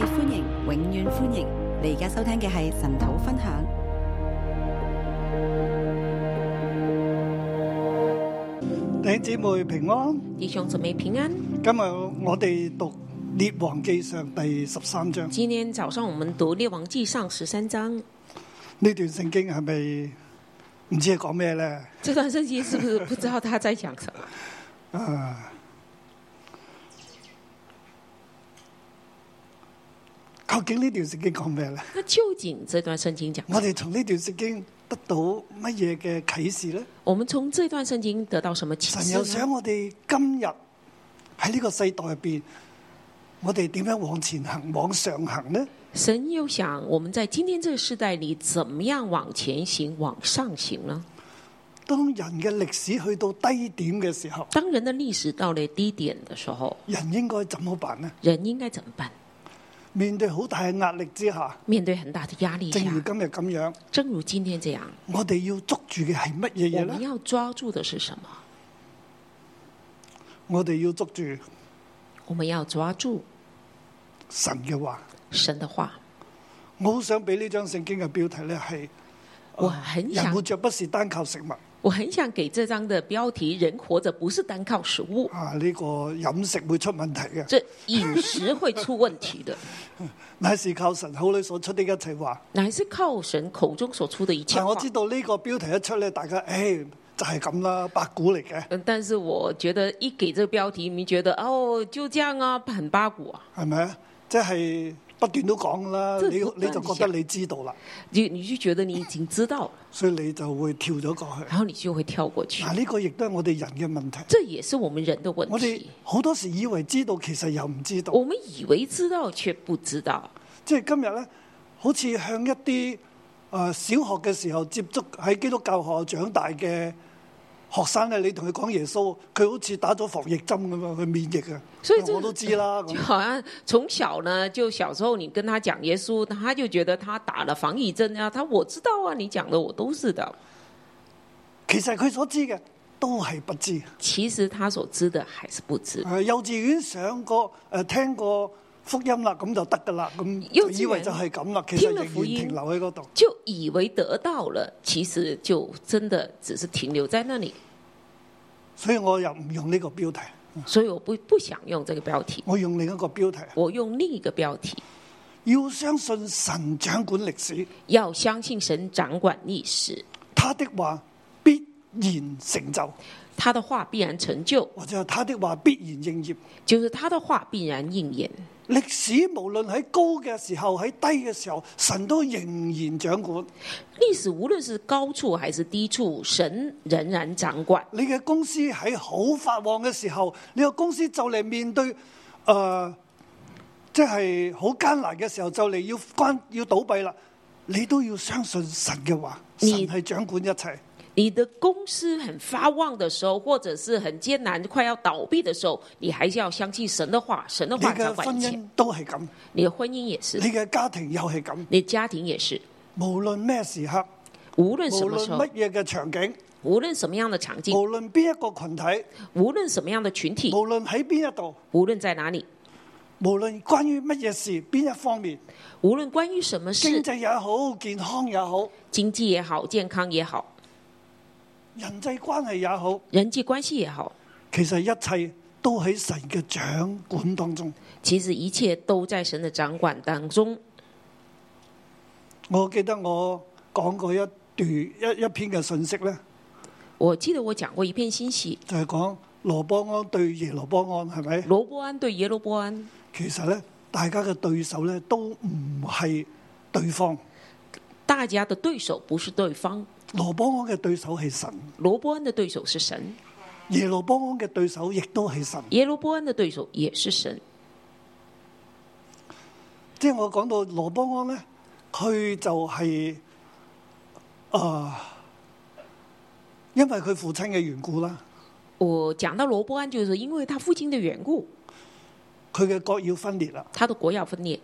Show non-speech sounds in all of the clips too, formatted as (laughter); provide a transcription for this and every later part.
歡迎，永遠歡迎！你而家收聽嘅係神土分享。弟兄姊妹平安，弟兄姊妹平安。今日我哋讀《列王記上》第十三章。今天早上我們讀《列王記上》十三章。呢段聖經係咪唔知係講咩咧？這段聖經是不是不知道他在講什麼？啊！ (laughs) 究竟呢段聖經講咩咧？那究竟這段聖經講咩？我哋從呢段聖經得到乜嘢嘅啟示咧？我們從這段聖經得到什麼啟示？神又想我哋今日喺呢個世代入邊，我哋點樣往前行、往上行呢？神又想我們在今天這個世代裏怎麼樣往前行、往上行呢？當人嘅歷史去到低點嘅時候，當人的歷史到了低點嘅時候，人應該怎麼辦呢？人應該怎麼辦？面對好大嘅壓力之下，面對很大的壓力之下，正如今日咁樣，正如今天這樣，我哋要捉住嘅係乜嘢嘢？我們要抓住的是什麼？我哋要捉住，我們要抓住神嘅話，神的話。我好想俾呢張聖經嘅標題呢係我很想人活着不是單靠食物。我很想給這張的標題，人活着不是單靠食物。啊，呢、這個飲食會出問題嘅。即係飲食會出問題的，乃 (laughs) (laughs) 是靠神口裏所出的一切話，乃是靠神口中所出的一切話。但我知道呢個標題一出咧，大家誒、哎、就係咁啦，八股嚟嘅。但是我覺得一給這個標題，你覺得哦，就這樣啊，很八股啊，係咪啊？即係。不斷都講啦，你你就覺得你知道啦，你你就覺得你已經知道，所以你就會跳咗過去。然後你就會跳過去。嗱，呢個亦都係我哋人嘅問題。即係也是我們人嘅問題。我哋好多時以為知道，其實又唔知道。我們以為知道，卻不知道。即係今日呢，好似向一啲小學嘅時候接觸喺基督教學校長大嘅。學生咧，你同佢講耶穌，佢好似打咗防疫針咁樣去免疫啊！所以我都知啦。就好像從小呢，就小時候你跟他講耶穌，他就覺得他打了防疫針啊，他我知道啊，你講的我都知道，其實佢所知嘅都係不知，其實他所知的還是不知。誒、呃、幼稚園上過，誒、呃、聽過。福音啦，咁就得噶啦，咁以為就係咁啦，其實仍然停留喺嗰度。就以為得到了，其實就真的只是停留在那裏。所以我又唔用呢個標題。所以我不不想用這個標題。我用另一個標題。我用另一個標題。要相信神掌管歷史。要相信神掌管歷史。他的話必然成就。他的話必然成就，或者係他的話必然應驗，就是他的話必然應驗。歷史無論喺高嘅時候，喺低嘅時候，神都仍然掌管。歷史無論是高處還是低處，神仍然掌管。你嘅公司喺好發旺嘅時候，你個公司就嚟面對誒，即係好艱難嘅時候，就嚟要關要倒閉啦。你都要相信神嘅話，神係掌管一切。你的公司很發旺的時候，或者是很艱難、快要倒閉的時候，你還是要相信神的話。神的話掌管一切。你的婚姻都係咁，你的婚姻也是。你嘅家庭又係咁，你家庭也是。無論咩時刻，無論什麼時候，無論乜嘢嘅場景，無論什麼樣的場景，無論邊一個群體，無論什麼樣的群體，無論喺邊一度，無論在哪裏，無論關於乜嘢事，邊一方面，無論關於什麼事，經濟也好，健康也好，經濟也好，健康也好。人際關係也好，人際關係也好，其實一切都喺神嘅掌管當中。其實一切都在神嘅掌管當中。我記得我講過一段一一篇嘅信息咧。我記得我講過一篇信息，就係、是、講羅波安對耶羅波安，係咪？羅波安對耶羅波安，其實咧，大家嘅對手咧都唔係對方。大家嘅對手不是對方。羅邦安嘅對手係神，羅邦安嘅對手是神，耶羅邦安嘅對手亦都係神，耶羅邦安嘅對手也是神。即係我講到羅邦安呢，佢就係、是，啊、呃，因為佢父親嘅緣故啦。我講到羅邦安，就是因為他父親嘅緣故，佢嘅國要分裂啦，他嘅國要分裂。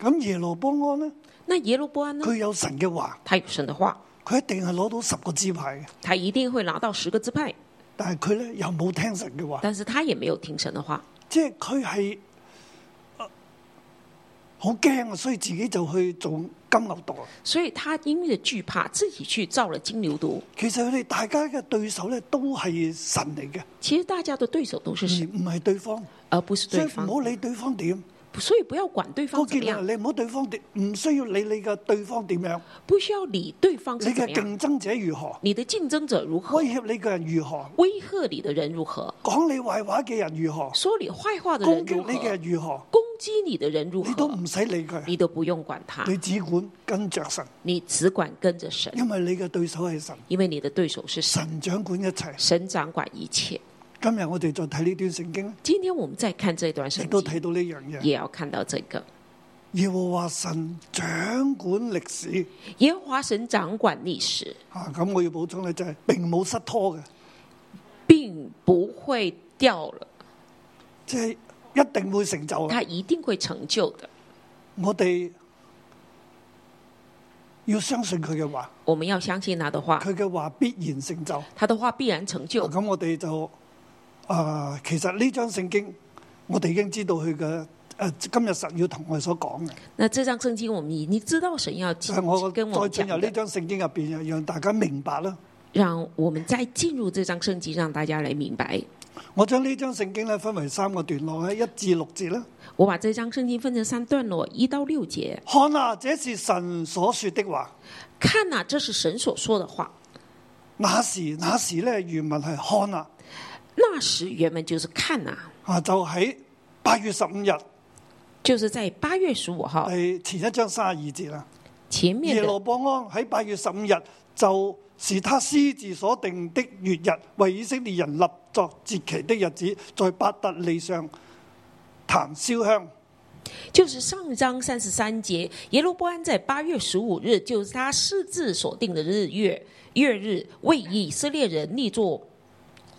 咁耶羅邦安呢？那耶羅邦安呢？佢有神嘅話，他有神嘅話。佢一定係攞到十個支派嘅，他一定會拿到十個支派。但係佢咧又冇聽神嘅話，但是他也沒有聽神的話，即係佢係好驚啊，所以自己就去做金牛犢啊，所以他因為懼怕自己去造了金牛犢，其實佢哋大家嘅對手咧都係神嚟嘅，其實大家嘅對手都是神，唔係對方，而不是對方，唔好理對方點。所以不要管對方點樣，你唔好對方點，唔需要理你嘅對方點樣，不需要理對方。你嘅競爭者如何？你的競爭者如何？威脅你嘅人如何？威吓你嘅人如何？講你壞話嘅人如何？說你壞話嘅人如何？攻擊你嘅人如何？攻擊你的人如何？你都唔使理佢，你都不用管他，你只管跟着神，你只管跟着神，因為你嘅對手係神，因為你的對手是神，神掌管一切，神掌管一切。今日我哋再睇呢段聖經。今天我們再看這段聖經，都睇到呢樣嘢，也要看到這個。耶和華神掌管歷史。耶和華神掌管歷史。啊，咁我要補充咧，就係、是、並冇失脱嘅，並不會掉了。即、就、係、是、一定會成就。他一定會成就的。我哋要相信佢嘅話。我們要相信他的話。佢嘅話必然成就。他的話必然成就。咁、啊、我哋就。啊，其實呢張聖經，我哋已經知道佢嘅，誒，今日神要同我哋所講嘅。那這張聖經，我們已你知、啊、知道神要，就再進入呢張聖經入邊，讓大家明白啦。讓我們再進入這張聖經，讓大家嚟明白。我將呢張聖經咧分為三個段落，喺一至六節啦。我把這張聖經分成三段落，一到六節。看啊，這是神所說的話。看啊，這是神所說的話。那時，那時咧，原文係看啊。那時原本就是看啊，就喺八月十五日，就是在八月十五號。係前一章三十二節啦，耶羅波安喺八月十五日，就是他私自所定的月日，為以色列人立作節期的日子，在伯特利上壇燒香。就是上一章三十三節，耶羅波安在八月十五日，就是他私自所定的日月月日，為以色列人立作。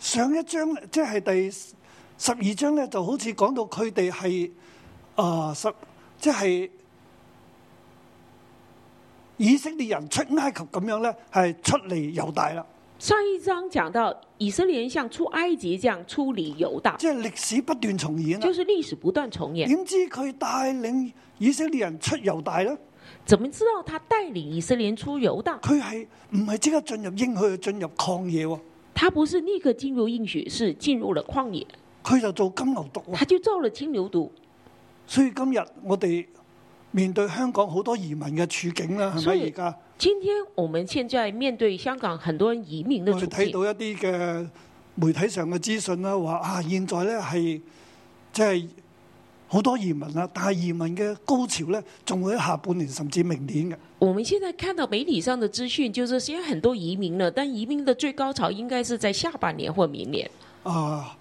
上一章即係第十二章咧，就好似講到佢哋係啊十即係以色列人出埃及咁樣咧，係出嚟猶大啦。上一章講到以色列人像出埃及一樣出嚟猶大，即係歷史不斷重演啦、啊。就是歷史不斷重演。點知佢帶領以色列人出猶大咧？怎麼知道他帶領以色列人出猶大？佢係唔係即刻進入應許，進入曠野、啊？他不是立刻進入應許，是進入了曠野。佢就做金牛犢，他就做了金牛犢。所以今日我哋面對香港好多移民嘅處境啦，係咪而家？今天我們現在面對香港很多人移民呢，就睇到一啲嘅媒體上嘅資訊啦，話啊，現在呢係即係。好多移民啦，啊，但係移民嘅高潮咧，仲會喺下半年甚至明年嘅。我們現在看到媒體上的資訊，就是雖然很多移民啦，但移民的最高潮應該是在下半年或明年。啊，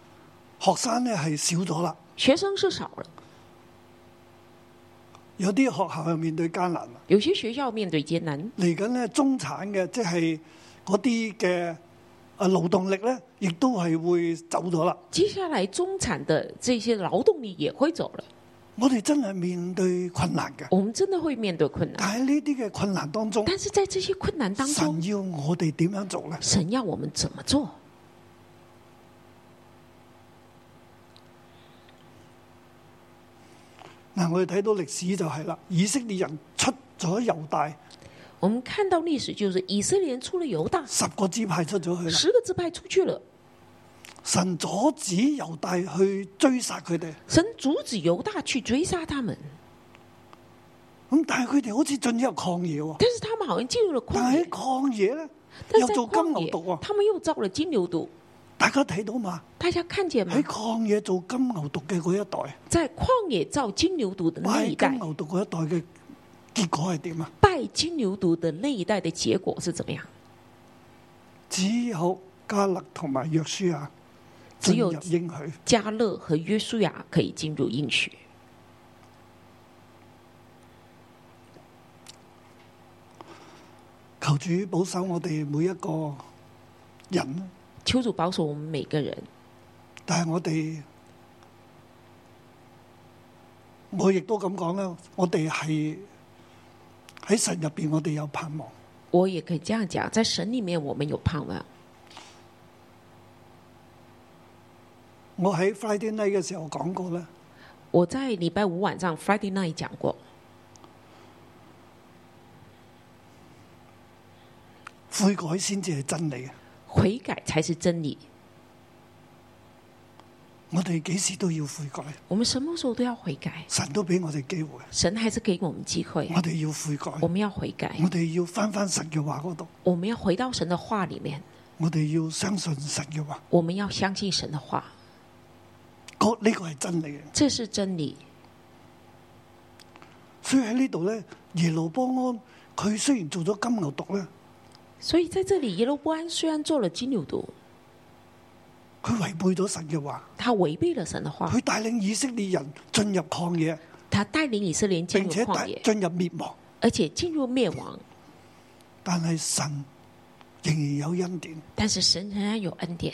學生咧係少咗啦。學生是少了，有啲學校係面對艱難。有些學校面對艱難。嚟緊咧，中產嘅即係嗰啲嘅。勞動力咧，亦都係會走咗啦。接下來，中產的這些勞動力也會走了。我哋真係面對困難嘅。我們真的會面對困難。但喺呢啲嘅困難當中，但是在這些困難當中，神要我哋點樣做咧？神要我們怎麼做？嗱，我哋睇到歷史就係啦，以色列人出咗猶大。我們看到歷史就是以色列人出了猶大，十個支派出咗去了，十個支派出去了。神阻止猶大去追殺佢哋，神阻止猶大去追殺他們。咁但係佢哋好似進入曠野喎，但是他們好像進入了曠野，曠野呢？又做金牛犢啊！他們又造了金牛犢，大家睇到嘛？大家看見嘛？喺曠野做金牛犢嘅嗰一代，在曠野造金牛犢的那一代。結果係點啊？拜金牛犢的那一代的結果是怎麼樣？只有加勒同埋約書亞，只有應許，加勒和約書亞可以進入應許。求主保守我哋每一個人。求主保守我們每個人。但係我哋，我亦都咁講啦，我哋係。喺神入邊，我哋有盼望。我也可以這樣講，在神裏面我們有盼望。我喺 Friday night 嘅時候講過啦。我在禮拜五晚上 Friday night 講過，悔改先至係真理嘅，悔改才是真理。我哋幾時都要悔改。我們什麼時候都要悔改。神都俾我哋機會。神還是給我們機會。我哋要悔改。我們要悔改。我哋要返返神嘅話嗰度。我們要回到神嘅話裏面。我哋要相信神嘅話。我們要相信神嘅話。嗰呢個係真理。呢這是真理。所以喺呢度咧，耶路波安佢雖然做咗金牛犢咧，所以喺這裏耶路波安雖然做咗金牛犢。佢違背咗神嘅話，佢違背咗神嘅話。佢帶領以色列人進入曠野，佢帶領以色列人，並且，進入滅亡，而且進入滅亡。但係神仍然有恩典，但是神仍然有恩典。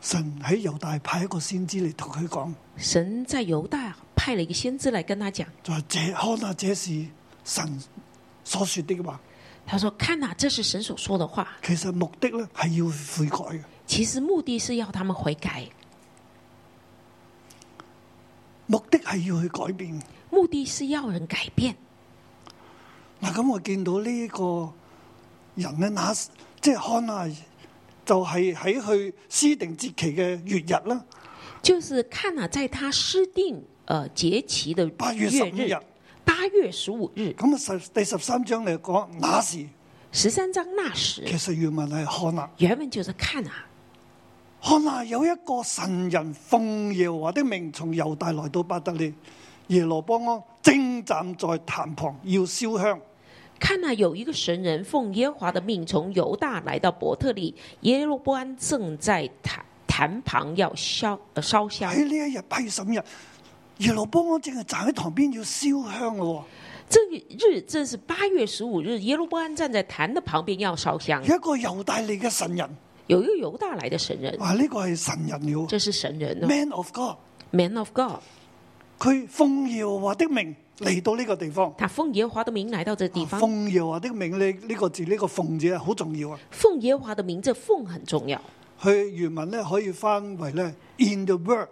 神喺猶大派一個先知嚟同佢講，神在猶大派了一個先知嚟跟他講，就係這看啊，這是神所說的話。他說：看啊，這是神所說的話。其實目的咧係要悔改嘅。其實目的是要他們悔改，目的係要去改變。目的是要人改變。嗱，咁我見到呢一個人呢，那時即係看啊，就係喺去施定節期嘅月日啦。就是看啊，在他施定，誒、呃、節期的八月十五日，八月十五日。咁啊，十第十三章嚟講，那時十三章那時，其實原文係看啊，原文就是看啊。看那有一個神人奉耶和華的命從猶大來到伯特利，耶羅波安正站在壇旁要燒香。看那有一個神人奉耶和華的命從猶大來到伯特利，耶羅波安正在壇壇旁要燒燒香。喺呢一日，八月十五日，耶羅波安正係站喺旁邊要燒香咯。正日，正是八月十五日，耶羅波安站在壇的旁，旁邊要燒香。一個猶大利嘅神人。由一個猶大來的神人，哇！呢、這個係神人了，這是神人。Man of God，Man of God，佢奉耀華的名嚟到呢個地方。佢奉耀華的名嚟到這地方。奉耀華的名，呢、這、呢個字呢、這個奉字啊，好重要啊！奉耶華的名字，奉很重要。佢原文咧可以翻為咧，in the word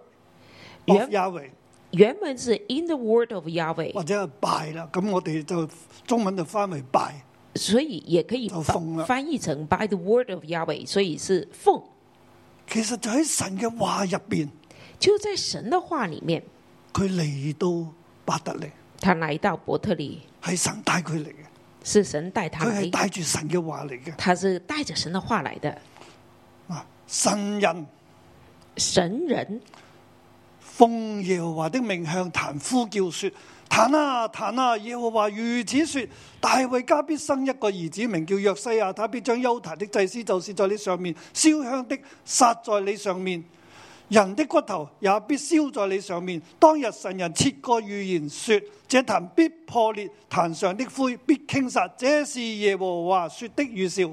of Yahweh，原文是 in the word of Yahweh，或者係拜啦。咁我哋就中文就翻為拜。所以也可以翻譯成 By the word of Yahweh，所以是奉。其實就喺神嘅話入邊，就在神嘅話裏面，佢嚟到伯特利。他嚟到伯特利，係神帶佢嚟嘅，是神帶佢。佢係帶住神嘅話嚟嘅，他是帶着神嘅話嚟嘅，啊，神人，神人，奉耶和華的命向壇呼叫說。壇啊壇啊，耶和華如此說：大衛家必生一個兒子，名叫約西亞，他必將邱壇的祭司，就是在你上面燒香的，殺在你上面；人的骨頭也必燒在你上面。當日神人切個預言說：這壇必破裂，壇上的灰必傾撒。這是耶和華說的預兆。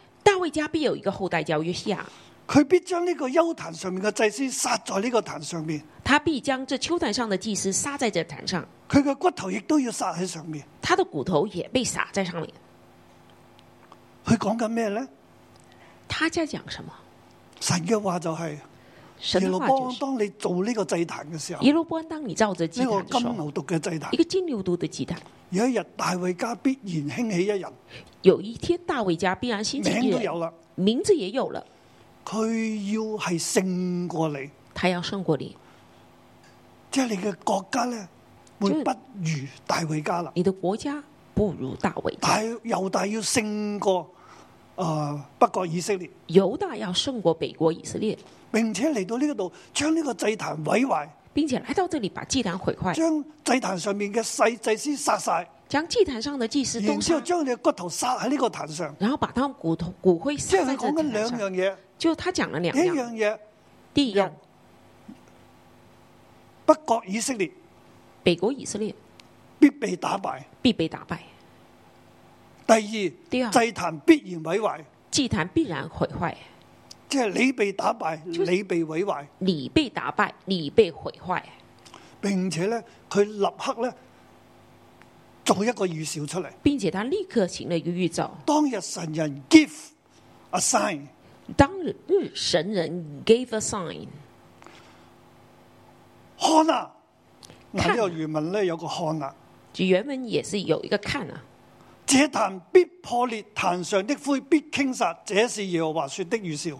魏家必有一個後代叫約西亞，佢必將呢個丘壇上面嘅祭司殺在呢個壇上面，他必將這個丘壇上的祭司殺在這壇上，佢嘅骨頭亦都要殺喺上面，他的骨頭也被撒喺上面。佢講緊咩咧？他在講什麼？神嘅話就係、是、耶羅波安，當你做呢個祭壇嘅時候，耶羅波安，當你造這呢個金牛犢嘅祭壇，一個金牛犢的祭壇。有一日大衛家必然興起一人，有一天大衛家必然興起。名都有啦，名字也有了。佢要係勝過你，他要勝過你，即係你嘅國家咧，會不如大衛家啦。你嘅國家不如大衛，但係猶大要勝過誒，不、呃、過以色列，猶大要勝過北國以色列，並且嚟到呢度將呢個祭壇毀壞。並且來到這裏，把祭壇毀壞，將祭壇上面嘅細祭司殺晒，將祭壇上的祭司都殺，然後將你的骨頭殺喺呢個壇上，然後把他們骨頭骨灰殺喺呢個壇上。即、就是、兩樣嘢，就他講咗兩樣嘢。第一，第一，北國以色列，北國以色列必被打敗，必被打敗。第二，祭壇必然毀壞，祭壇必然毀壞。即係你被打敗，就是、你被毀壞，你被打敗，你被毀壞，並且咧，佢立刻咧做一個預兆出嚟，並且他立刻行了一個預兆。當日神人 give a sign，當日神人 give a sign，看啊，睇下原文咧有個看啊，原文也是有一個看啊。這壇必破裂，壇上的灰必傾撒，這是耶和華說的預兆。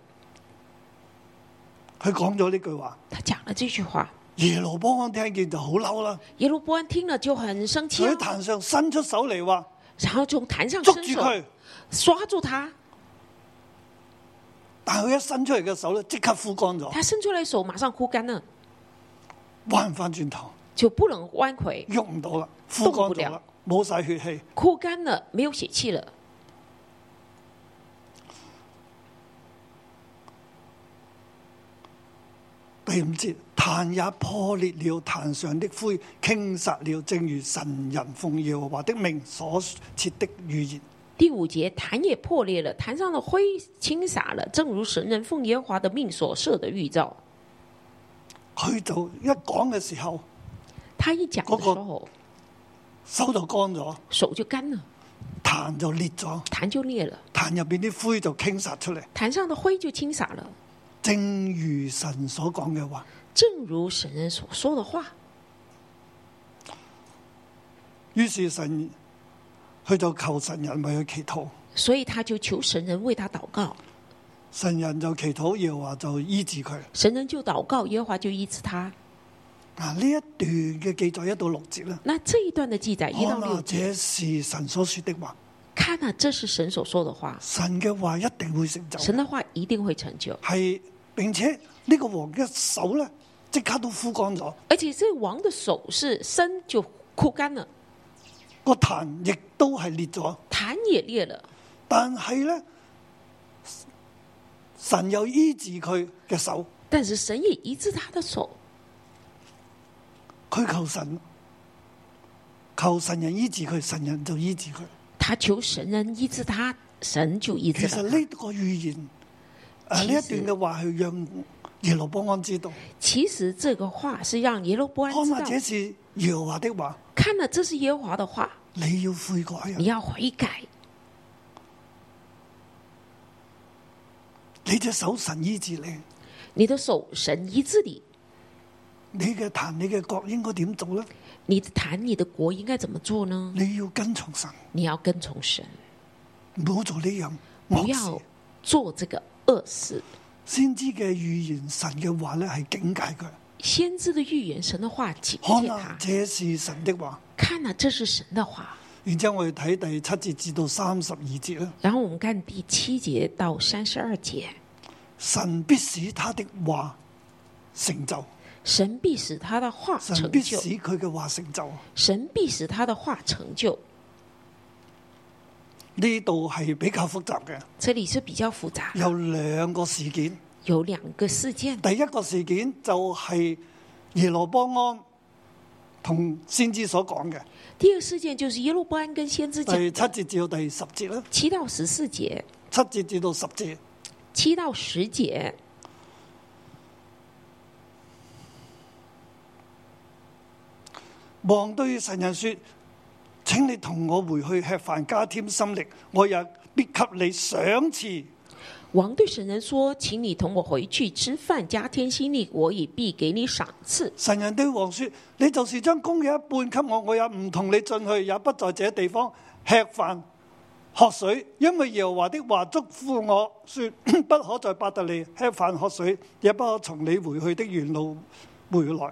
佢講咗呢句話，耶羅波安聽見就好嬲啦。耶羅波安聽了就很生氣。喺壇上伸出手嚟話，然後從壇上伸捉住佢，抓住他。但佢一伸出嚟嘅手咧，即刻枯乾咗。佢伸出嚟嘅手，馬上枯乾啦。彎返轉頭，就不能彎回，喐唔到啦，枯乾咗啦，冇晒血氣，枯乾了，沒有血氣了。第五節壇也破裂了，壇上的灰傾灑了，正如神人奉耶和華的命所設的預言。第五節壇也破裂了，壇上的灰傾灑了，正如神人奉耶和華的命所設的預兆。佢就一講嘅時候，他一講嗰個手就乾咗，手就乾啦，壇就裂咗，壇就裂了，壇入邊啲灰就傾灑出嚟，壇上的灰就傾灑了，正如神所講嘅話，正如神人所說嘅話，於是神佢就求神人為佢祈禱，禱，所以他就求神人為他禱告，神人就祈禱耶和華就醫治佢，神人就禱告耶和華就醫治他。嗱，呢一段嘅記載一到六節啦，那這一段嘅記載一到六節，這，六節這是神所說的話。看啊，這是神所說的話。神嘅話一定會成就。神的話一定會成就。係並且呢，這個王的手呢，即刻都枯乾咗。而且這王的手是伸就枯乾了，這個壇亦都係裂咗。壇也裂了，但係呢，神又醫治佢嘅手。但是神也醫治他的手。佢求神，求神人醫治佢，神人就醫治佢。他求神人醫治他，神就醫治他。其實呢個預言，啊呢一段嘅話係讓耶羅波安知道。其實這個話是讓耶羅波安知道。看了這是耶和華的話。看了這是耶和華的話，你要悔改。你要悔改。你的手神醫治你，你的手神醫治你。你嘅壇，你嘅角應該點做呢？你談你的國應該怎麼做呢？你要跟從神，你要跟從神，唔好做呢樣，不要做這個惡事，先知嘅預言神嘅話咧係警戒佢。先知嘅預言神嘅話警戒他，這是神的話，看了這是神的話。然之後我哋睇第七節至到三十二節啦。然後我們看第七節到三十二節，神必使他的話成就。神必使他的話成就。神必使佢嘅話成就。神必使他的話成就。呢度係比較複雜嘅。這裏是比較複雜的。有兩個事件。有兩個事件。第一個事件就係耶羅波安同先知所講嘅。第二個事件就是耶羅波安跟先知。七節至到第十節啦。七到十四節。七節至到十節。七到十節。王對神人說，請你同我，我，我回去吃飯，加添心力，我也必給你賞賜。王對神人說，請你同我回去吃飯，加添心力，我也必給你賞賜。神人對王說：你就是將宮嘅一半給我，我也唔同你進去，也不在這地方吃飯、喝水，因為耶和華的話囑咐我說： (coughs) 不可在伯特利吃飯喝水，也不可從你回去的原路回來。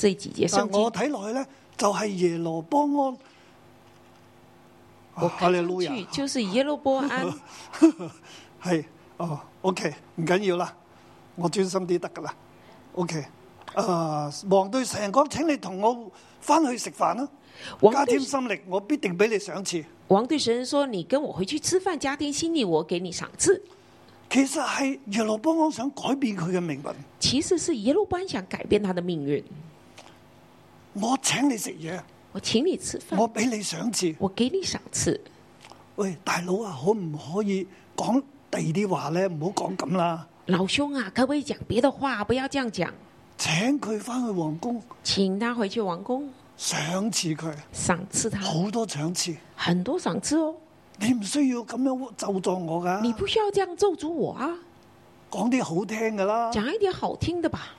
這幾節我睇來呢，就係、是、耶羅波安，啊、我怕睇出去就是耶羅波安，係、啊啊啊、 (laughs) 哦，OK 唔緊要啦，我專心啲得噶啦，OK，啊，王對神講，請你同我翻去食飯啦，加添心力，我必定俾你賞賜。王對神說：你跟我回去吃飯，加添心力，我給你賞賜。其實係耶羅波安想改變佢嘅命運，其實是耶羅波安想改變他的命運。我請你食嘢，我請你吃飯。我俾你賞賜，我給你賞賜。喂，大佬啊，可唔可以講第二啲話咧？唔好講咁啦。老兄啊，可唔可以講別的話？不要這樣講。請佢翻去皇宮，請他回去皇宮，賞賜佢，賞賜他，好多賞賜，很多賞賜哦。你唔需要咁樣咒詛我噶。你不需要這樣咒詛我啊。講啲好聽噶啦，講一啲好聽的吧。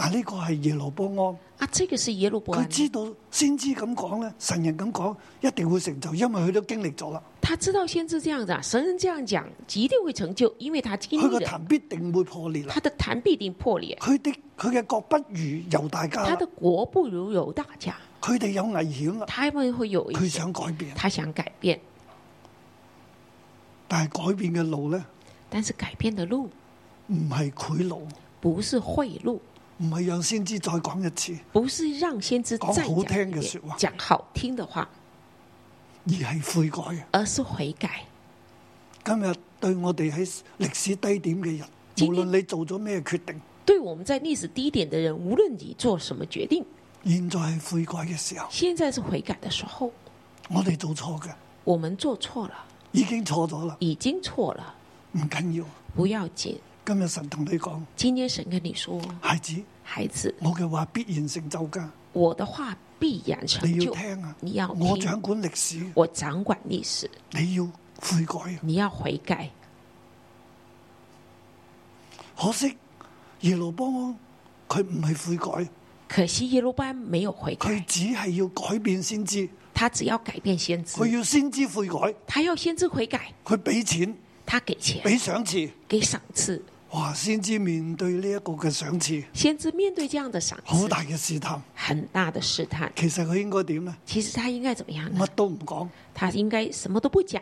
啊！呢個係耶羅波安啊，這個是耶羅波安。佢知道先知咁講咧，神人咁講，一定會成就，因為佢都經歷咗啦。他知道先知這樣子啊，神人這樣講，一定會成就，因為他經歷。佢嘅壇，必定會破裂。他的壇必定破裂。佢的佢嘅國不如猶大家。他的國不如猶大家。佢哋有危險啊！他們會有佢想改變，他想改變。但係改變嘅路咧？但是改變嘅路唔係賄賂，不是賄賂。唔係讓先知再講一次，不是讓先知再講好聽嘅說話，講好聽的話，而係悔改，而是悔改。今日對我哋喺歷史低點嘅人，人，無論你做咗咩決定，對我們在歷史低點的人，無論你做什麼決定，現在係悔改嘅時候，現在是悔改的時候。我哋做錯嘅，我們做錯了，已經錯咗啦，已經錯了，唔緊要，不要緊。今日神同你講，今天神跟你說，孩子，孩子，我嘅話必然成就噶，我的話必然成就。你要聽啊，你要聽，我掌管歷史，我掌管歷史。你要悔改，你要悔改。可惜耶路邦，佢唔係悔改。可惜耶路班沒有悔改，佢只係要改變先知。他只要改變先知，佢要先知悔改，他要先知悔改。佢俾錢，他給錢，俾賞賜，給賞賜。哇！先知面對呢一個嘅賞賜，先知面對這樣的賞賜，好大嘅試探，很大的試探。其實佢應該點咧？其實他應該怎麼樣？乜都唔講，他應該什麼都不講，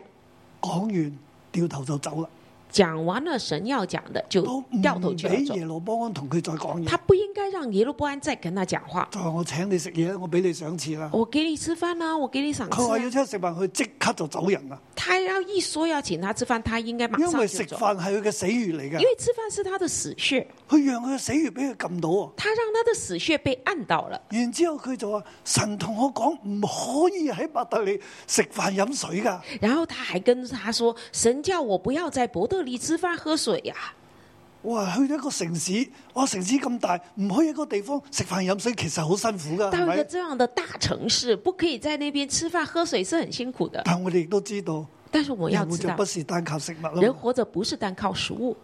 講完掉頭就走啦。講完了神要講的就掉頭去走。耶路波安同佢再講嘢，他不應該讓耶路波安再跟他講話。就我請你食嘢我俾你賞錢啦。我給你吃飯啦、啊，我給你賞錢、啊。佢話要出去食飯，佢即刻就走人啦。他要一說要請他吃飯，他應該馬上因為食飯係佢嘅死穴嚟嘅，因為吃飯是他的死穴。佢讓佢嘅死穴俾佢撳到，他讓他的死穴被按到了。然之後佢就話神同我講唔可以喺伯特利食飯飲水噶。然後他還跟他說神叫我不要再伯特。你吃飯喝水呀、啊？哇，去一個城市，哇，城市咁大，唔去一個地方食飯飲水，其實好辛苦噶。但係喺這樣的大城市，不可以在那邊吃飯喝水，是很辛苦的。但我哋都知道，但是我要知道，不是單靠食物。人活着不是單靠食物。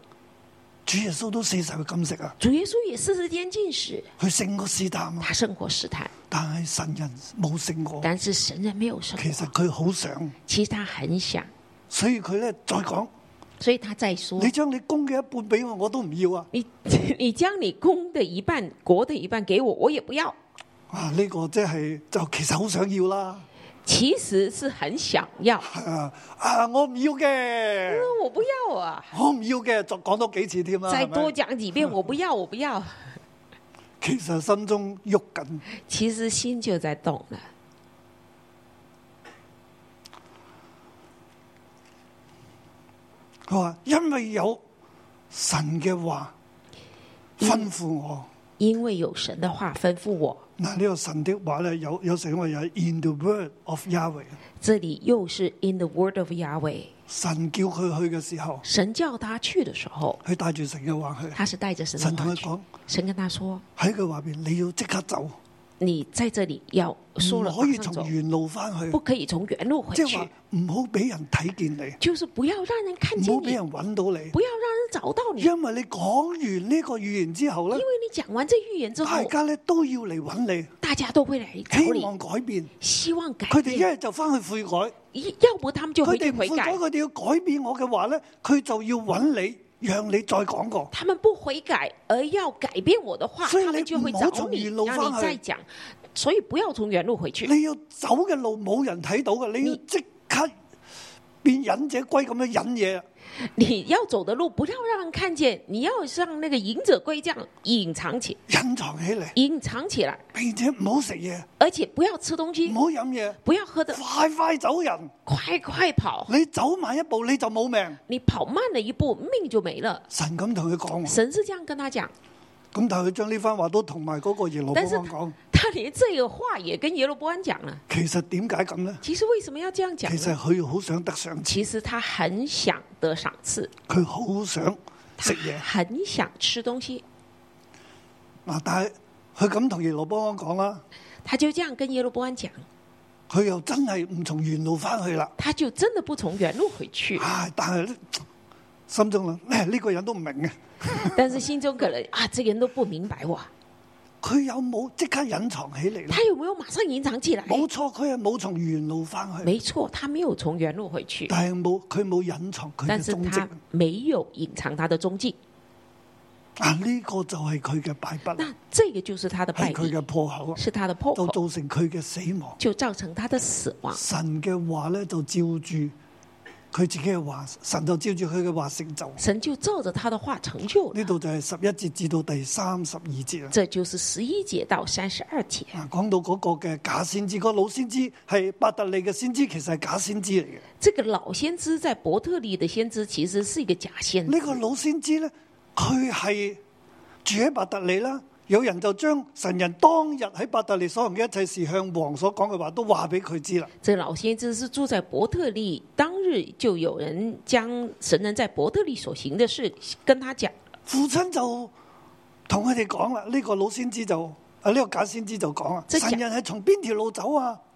主耶穌都四十日禁食啊！主耶穌也四十天禁食，佢勝過試探，他勝過試探，但係神人冇勝過。但是神人沒有勝過，其實佢好想，其實他很想，所以佢咧再講。所以他再說，你將你供嘅一半俾我，我都唔要啊！ (laughs) 你你將你供嘅一半、國嘅一半給我，我也不要。啊，呢、這個即、就、係、是、就其實好想要啦。其實是很想要。啊 (laughs) 啊，我唔要嘅、 (laughs) 啊。我不要啊！我唔要嘅，再講多幾次添啊，再多講幾, (laughs) 幾遍，我不要，我不要。 (laughs) 其實心中喐緊。 (laughs) 其實心就在動啦。佢話因為有神嘅話吩咐我，因為有神嘅話吩咐我。嗱呢個神的話咧，有有時因為有 in the word of Yahweh。這裏又是 in the word of Yahweh。神叫佢去嘅時候，神叫他去嘅時候，佢帶住神嘅話去。他是帶着神嘅話去。神同佢講，神跟他說喺佢話邊，你要即刻走。你在這裏要輸了，唔可以從原路翻去，不可以從原路回去，即係話唔好俾人睇見你，就是不要讓人看見你，唔好俾人揾到你，不要讓人找到你，因為你講完呢個預言之後咧，因為你講完這預言之後，大家咧都要嚟揾你，大家都會嚟，希望改變，希望改變，佢哋一日就翻去悔改，要唔要他們就佢哋悔改，如果佢哋要改變我嘅話呢，佢就要揾你。讓你再講過，他們不悔改而要改變我的話，所以他們就會找出你，讓你再講。所以不要從原路回去。你要走的路冇人看到的，你要即刻變忍者龜這樣忍嘢。你要走的路，不要讓人看見。你要像那個隱者龜噉樣，隱藏起，隱藏起來，隱藏起來。並且唔好食嘢，而且不要吃東西，唔好飲嘢，不要喝得。快快走人，快快跑！你走慢一步你就冇命，你跑慢了一步命就沒了。神咁同佢講，神是這樣跟他講。咁但係佢將呢番話都同埋嗰個耶羅波安講，但他，他連這個話也跟耶羅波安講啦。其實點解咁呢？其實為什麼要這樣講？其實佢好想得賞賜。其實他很想得賞賜。佢好想食嘢，很想吃東西。嗱，但係佢咁同耶羅波安講啦。他就這樣跟耶羅波安講。佢又真係唔從原路返去啦。他就真的不從原路回去。唉，但係心中咧，呢、這個人都唔明嘅。 (laughs) 但是心中可能啊，這人都不明白我。佢有冇即刻隱藏起嚟？他有沒有馬上隱藏起來？冇錯，佢係冇從原路翻去。沒錯，他沒有從原路回去。但係冇，佢冇隱藏佢的蹤跡。但是他沒有隱藏他的蹤跡。啊，呢個就係佢嘅敗筆。那這個就是他的敗筆，佢嘅破口，是他的破口，就造成佢嘅死亡，就造成他的死亡。神嘅話咧，就照住。佢自己嘅話，神就照住佢嘅話成就。神就照着他嘅話成就。呢度就係十一節至到第三十二節啦。這就是十一節到三十二節。啊，講到嗰個嘅假先知，那個老先知係伯特利嘅先知，其實係假先知嚟嘅。這個老先知在伯特利嘅先知，其實是一個假先知。呢個老先知咧，佢係住喺伯特利啦。有人就將神人當日喺伯特利所用嘅一切事向王所講嘅話都話俾佢知啦。這老先知是住在伯特利，當日就有人將神人在伯特利所行嘅事跟他講。父親就同佢哋講啦，呢、這個老先知就啊呢、這個假先知就講啊，神人係從邊條路走啊？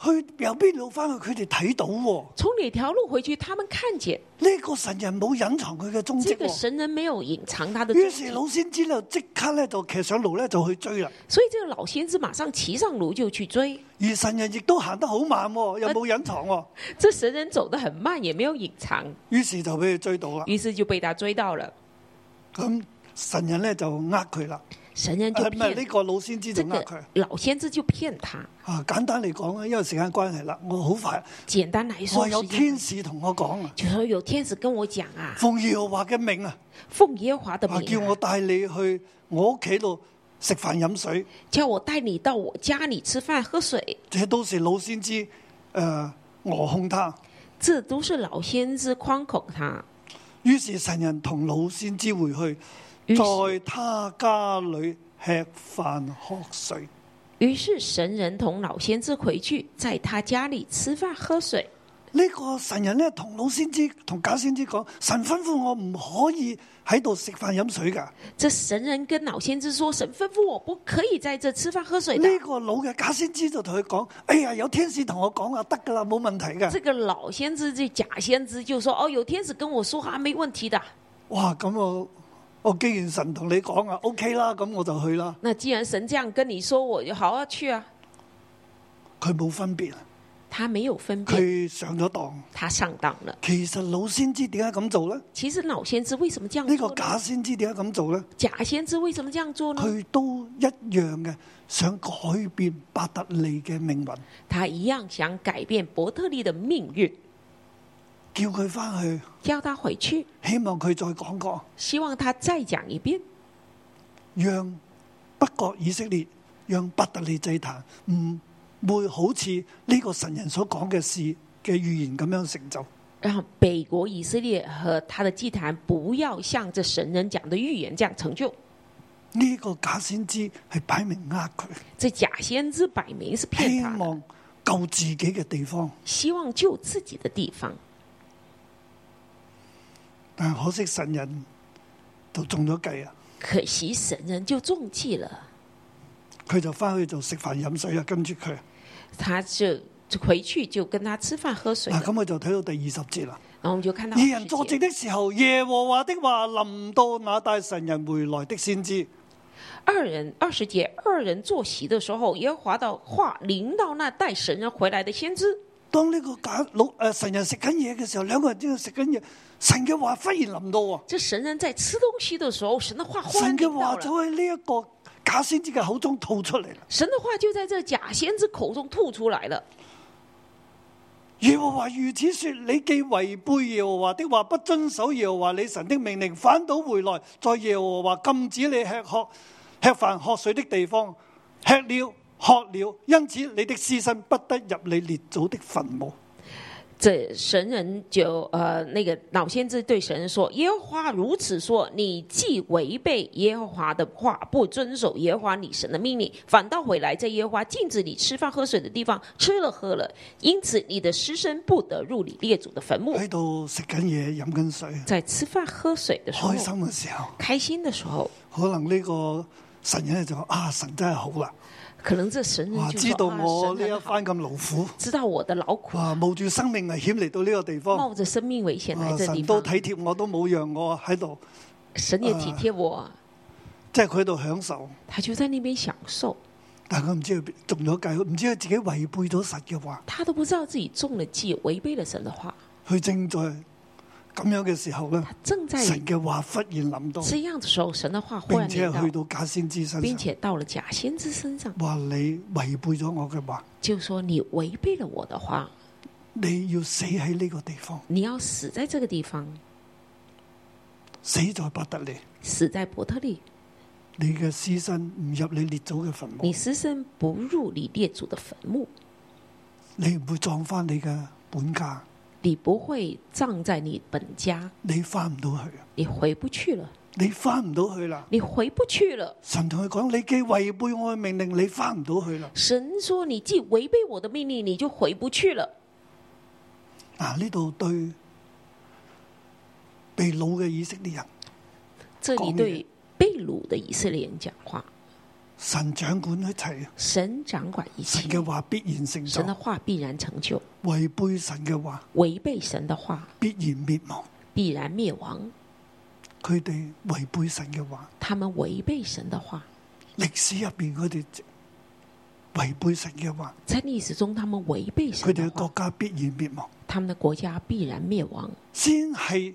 去由邊路返去，佢哋睇到。從哪條路回去，他們看見呢個神人冇隱藏佢嘅蹤跡。這個神人沒有隱藏他的蹤跡。於是老先知就即刻咧就騎上驢咧就去追啦。所以這個老先知馬上騎上驢就去追。而神人亦都行得好慢，又冇隱藏。這神人走得很慢，也沒有隱藏。於是就被追到啦。於是就被他追到了。咁神人咧就呃佢啦。神人就唔係呢個老先知整佢。老先知就騙他。啊，簡單嚟講啦，因為時間關係啦，我好快。簡單嚟說，我有天使同我講啊。就是，有天使跟我講啊。奉耶華嘅命啊。奉耶華的命。叫我帶你去我屋企度食飯飲水。叫我帶你到我家裏吃飯喝水。這都是老先知誒，我、呃、哄他。這都是老先知框控他。於是神人同老先知回去。在他家裏吃飯喝水，於是神人同老先知回去，在他家裏吃飯喝水。呢、這個神人呢，同老先知同假先知講，神吩咐我唔可以喺度食飯飲水噶。這神人跟老先知說，神吩咐我不可以在這吃飯喝水。呢、這個老嘅假先知就同佢講，哎呀，有天使同我講啊，得噶啦，冇問題噶。這個老先知、這假先知就說，哦，有天使跟我說話，沒問題的。哇，咁我。我既然神同你講啊，OK 啦，咁我就去啦。那既然神這樣跟你說，我就好啊去啊。佢冇分別啊。他沒有分別。佢上咗當。他上當了。其實老先知點解咁做呢？其實老先知為什麼這樣呢？呢個假先知點解咁做呢？假先知為什麼這樣做呢？佢都一樣嘅，想改變伯特利嘅命運。他一樣想改變伯特利嘅命運。叫佢翻去，叫他回去，希望佢再講講，希望他再講一遍，讓北國以色列，讓伯特利祭壇唔會好似呢個神人所講嘅事嘅預言咁樣成就，然後北國以色列和他的祭壇不要像這神人講的預言這樣成就。呢、這個假先知係擺明呃佢，即假先知擺明是呃佢，希望救自己嘅地方，希望救自己嘅地方。但可惜神人都中咗計啊！可惜神人就中計了，佢就翻去就食飯飲水啊，跟住佢。他就回去就跟他吃飯喝水。嗱、啊，咁、嗯、我就睇到第二十節啦。然後我們就看到二人坐席的時候，耶和華的話臨到那帶神人回來的先知。二人二十節，二人坐席的時候，耶和華的話臨到那帶神人回來的先知。當呢個假老誒、呃、神人食緊嘢嘅時候，兩個人都在食緊嘢，神嘅話忽然臨到啊！這神人在吃東西嘅時候，神的話神嘅話就喺呢一個假先知嘅口中吐出嚟啦。神嘅話就在這假先知口中吐出來了。耶和華如此說：你既違背耶和華的話，不遵守耶和華，華你神的命令，反倒回來，在耶和華禁止你吃喝、吃飯、喝水的地方吃了。喝了，因此你的屍身不得入你列祖的墳墓。這神人就誒、呃，那個老先知對神人說：耶和華如此說，你既違背耶和華的話，不遵守耶和華你神的命令，反倒回來在耶和華禁止你吃飯喝水的地方吃了喝了，因此你的屍身不得入你列祖的墳墓。喺度食緊嘢，飲緊水，在吃飯喝水的時候，開心嘅時候，開心的時候，開心的時候嗯、可能呢個神人就啊，神真係好啦、啊。可能這神人就知道我呢一番咁勞苦、啊，知道我的勞苦，哇，冒住生命危險嚟到呢個地方，冒着生命危險嚟到呢、啊，神都體貼我，都冇讓我喺度。神也體貼我，啊、即係佢喺度享受。他就在那邊享受，但佢唔知佢中咗計，唔知佢自己違背咗神嘅話。他都不知道自己中了計，違背了神嘅話。佢正在。咁樣嘅時候呢，神嘅話忽然臨到，這樣的時候，神嘅話忽然臨到，並且去到假先知身上，並且到了假先知身上，話你違背咗我嘅話，就說你違背了我嘅話，你要死喺呢個地方，你要死在這個地方，死在伯特利，死在伯特利，你嘅屍身唔入你列祖嘅墳墓，你屍身不入你列祖嘅墳墓，你唔會撞翻你嘅本家。你不會葬在你本家，你翻唔到去啊！你回不去了，你翻唔到去啦！你回不去了。神同佢講：你既違背我嘅命令，你翻唔到去啦。神說：你既違背我的命令，你就回不去了。嗱，呢度對被擄嘅以色列人，這裏對被擄嘅以色列人講話。神掌管一切，神掌管一切。神嘅話必然成就，神嘅話必然成就。違背神嘅話，違背神嘅話必然滅亡，必然滅亡。佢哋違背神嘅話，他們違背神嘅話。歷史入邊佢哋違背神嘅話，在歷史中他們違背神，神。佢哋嘅國家必然滅亡，他們的國家必然滅亡。先係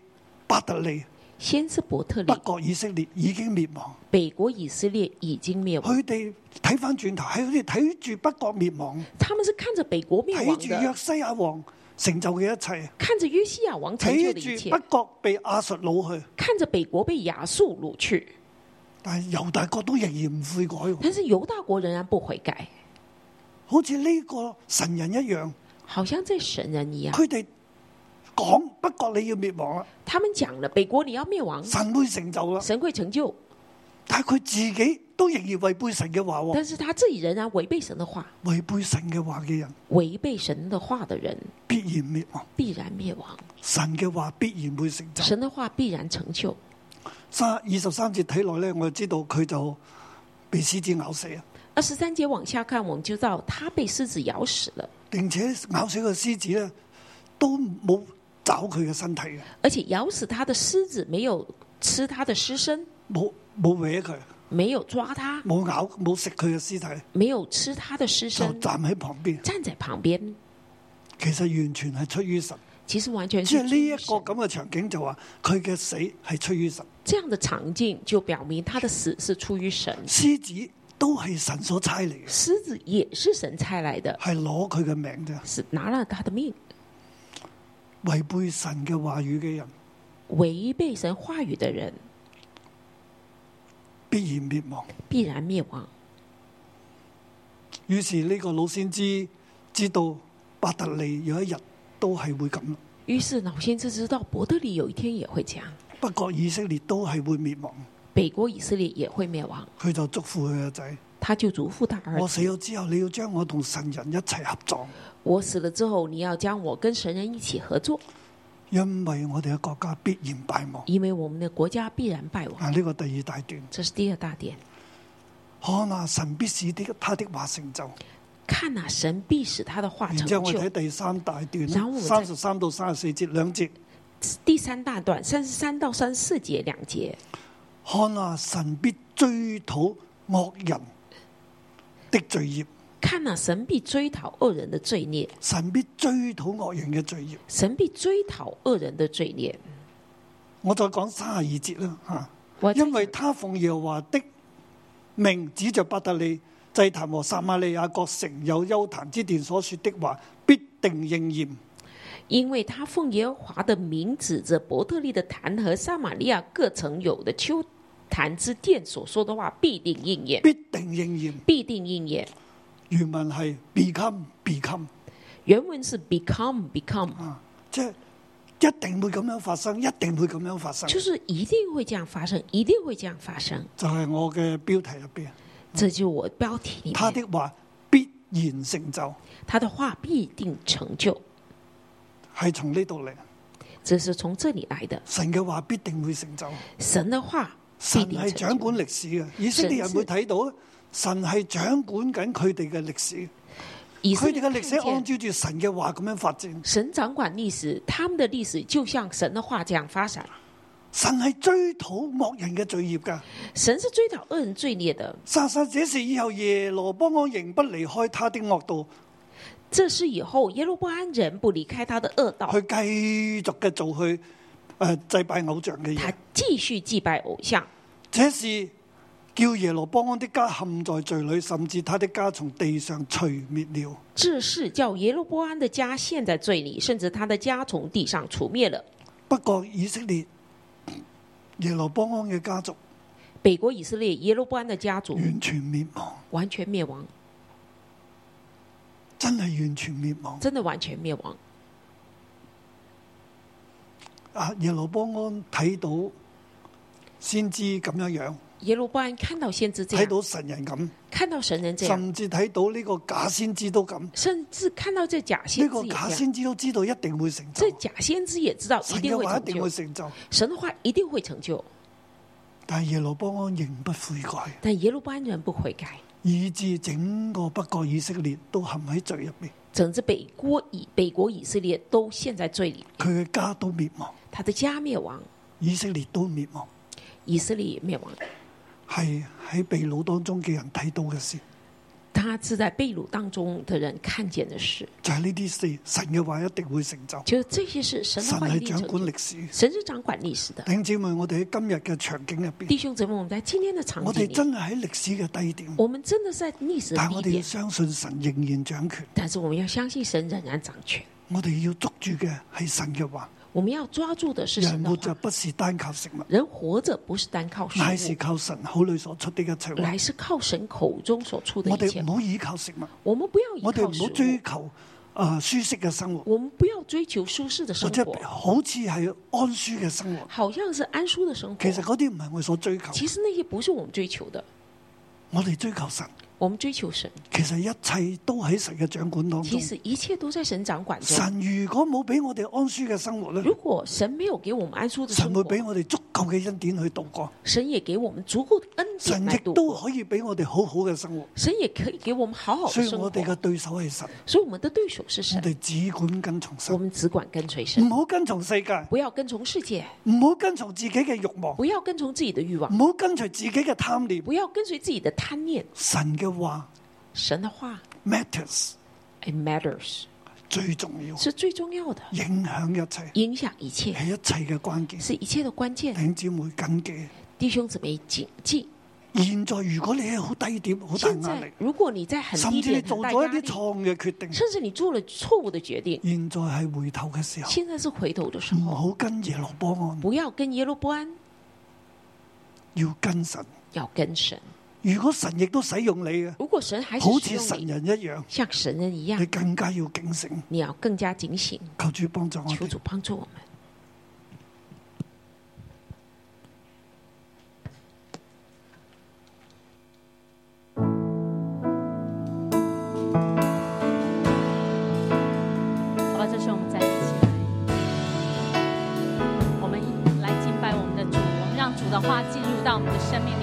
巴特利。先是伯特利，北國以色列已經滅亡，北國以色列已經滅亡。佢哋睇翻轉頭，係佢哋睇住北國滅亡。他們是看着北國滅亡。睇住約西亞王成就嘅一切，看着約西亞王成就的一切。睇住北國被亞述擄去，看着北國被亞述擄去。但係猶大國都仍然唔悔改，但是猶大國仍然不悔改，好似呢個神人一樣，好像即這神人一樣。佢哋。講不過你要滅亡啊，他們講了，北國你要滅亡。神會成就啦！神會成就，但係佢自己都仍然違背神嘅話。但是他自己仍然違背神嘅話的，違背神嘅話嘅人，違背神嘅話嘅人必然滅亡，必然滅亡。神嘅話必然會成就，神嘅話必然成就。三二十三節睇落咧，我就知道佢就被獅子咬死啊！二十三節往下看，我們就知道他被獅子咬死了，並且咬死個獅子咧都冇找佢嘅身體嘅，而且咬死他的獅子沒有吃他的屍身，冇冇搲佢，沒有抓他，冇咬冇食佢嘅屍體，沒有吃他的屍身，就站喺旁邊，站在旁邊。其實完全係出於神，其實完全是。即係呢一個咁嘅場景就話佢嘅死係出於神。這樣的場景就表明他的死是出於神。獅子都係神所差嚟嘅，獅子也是神差來的，係攞佢嘅命啫，是拿了他的命。違背神嘅話語嘅人，違背神話語嘅人必然滅亡，必然滅亡。於是呢個老先知知道伯特利有一日都係會咁。於是老先知知道伯特利有一天也會這樣，不過以色列都係會滅亡，北國以色列也會滅亡。佢就囑咐佢個仔，他就囑咐他兒：我死咗之後，你要將我同神人一齊合葬。我死了之後，你要將我跟神人一起合作，因為我哋嘅國家必然敗亡。因為我們嘅國家必然敗亡。啊，呢個第二大段，這是第二大點。看那、啊、神必使他的話成就。看那神必使他的話成就。然之後我睇第三大段，三十三到三十四節兩節。第三大段，三十三到三十四節兩節。看那、啊、神必追討惡人的罪孽。看哪，神必追討惡人的罪孽，神必追討惡人嘅罪孽，神必追討惡人的罪孽。我再講三十二節啦，吓，因為他奉耶和華的名指着伯特利、祭壇和撒瑪利亞各城有丘壇之殿所說的話，必定應驗。因為他奉耶和華的名指着伯特利的壇和撒瑪利亞各城有的丘壇之殿所說的話，必定應驗，必定應驗，必定應驗。原文係 become become，原文是 become become，即係一定會咁樣發生，一定會咁樣發生，就是一定會這樣發生，一定會這樣發生，就係、是、我嘅標題入邊。這就我標題。他的話必然成就，他的話必定成就，係從呢度嚟，這是從這裏來的。神嘅話必定會成就，神嘅話，神係掌管歷史嘅，以色列人會睇到。神係掌管緊佢哋嘅歷史，而佢哋嘅歷史按照住神嘅話咁樣發展。神掌管歷史，他們的歷史就像神嘅話這樣發展。神係追討惡人嘅罪孽噶，神是追討惡人罪孽的。實實，這是以後耶羅波安仍不離開他的惡道。這是以後耶羅波安仍不離開他的惡道，去繼續嘅做去誒、呃、祭拜偶像嘅嘢。他繼續祭拜偶像，這是。叫耶羅波安的家陷在罪裏，甚至他的家從地上除滅了。這是叫耶羅波安的家陷在罪裏，甚至他的家從地上除滅了。不過以色列耶羅波安嘅家族，北國以色列耶羅波安的家族完全滅亡，完全滅亡，真係完全滅亡，真的完全滅亡。啊！耶羅波安睇到先知咁樣樣。耶路波安看到先知，睇到神人咁，看到神人這樣，甚至睇到呢個假先知都咁，甚至看到這假先知，呢個假先知都知道一定會成就，即這假先知也知道一定會成就，神的話一定會成就，神的話一定會成就，但耶路波安仍不悔改，但耶路波安仍不悔改，以至整個北國以色列都陷喺罪入面。甚至北國以北國以色列都陷在罪裏，佢嘅家都滅亡，他的家滅亡，以色列都滅亡，以色列滅亡。係喺秘魯當中嘅人睇到嘅事，他是在秘魯當中嘅人看見的事，就係呢啲事，神嘅話一定會成就。就這些是神嘅話，神係掌管歷史，神是掌管歷史等的。弟兄姊妹，我哋喺今日嘅場景入邊，弟兄姊妹，我們在今天的場景，我哋真係喺歷史嘅低點，我們真的在歷史，我的在史。但係我哋要相信神仍然掌權，但是我們要相信神仍然掌權。我哋要捉住嘅係神嘅話。我們要抓住的是神。人活着不是單靠食物。人活着不是單靠食物。乃是靠神口裏所出的一切。乃是靠神口中所出的一切。我哋唔好依靠食物。我們不要。我哋唔好追求，誒舒適嘅生活。我們不要追求舒適的生活。或者好似係安舒嘅生活。好像是安舒的生活。其實啲唔係我所追求的。其實那些不是我們追求的。我哋追求神。我們追求神，其實一切都喺神嘅掌管當中。其實一切都在神掌管中。神如果冇俾我哋安舒嘅生活咧，如果神沒有給我們安舒的生活，神會俾我哋足夠嘅恩典去度過。神也給我們足夠嘅恩典，神亦都可以俾我哋好好嘅生活。神也可以給我們好好的生活。所以我哋嘅對手係神。所以我們的對手是神。我哋只管跟從神。我們只管跟隨神。唔好跟從世界。不要跟從世界。唔好跟從自己嘅欲望。不要跟從自己的欲望。唔好跟隨自己嘅貪念。不要跟隨自己的貪念。神嘅。話神的話 matters，it matters 最重要，是最重要的，影響一切，影響一切係一切嘅關鍵，是一切的關鍵。弟兄姊妹謹記，現在如果你喺好低點，好大壓力，如果你在很，在很低點，甚至你做咗一啲錯誤嘅決定，甚至你做了錯誤嘅決定，現在係回頭嘅時候，現在是回頭的時候，唔好跟耶路波安，不要跟耶路波安，要跟神，要跟神。如果神亦都使用你嘅，如果神還是使用，好似神人一樣，像神人一樣，你更加要警醒。你要更加警醒。求主幫助我。求主幫助我們。好，這時候我們再一起來，我們來敬拜我們的主，我們讓主的話進入到我們的生命。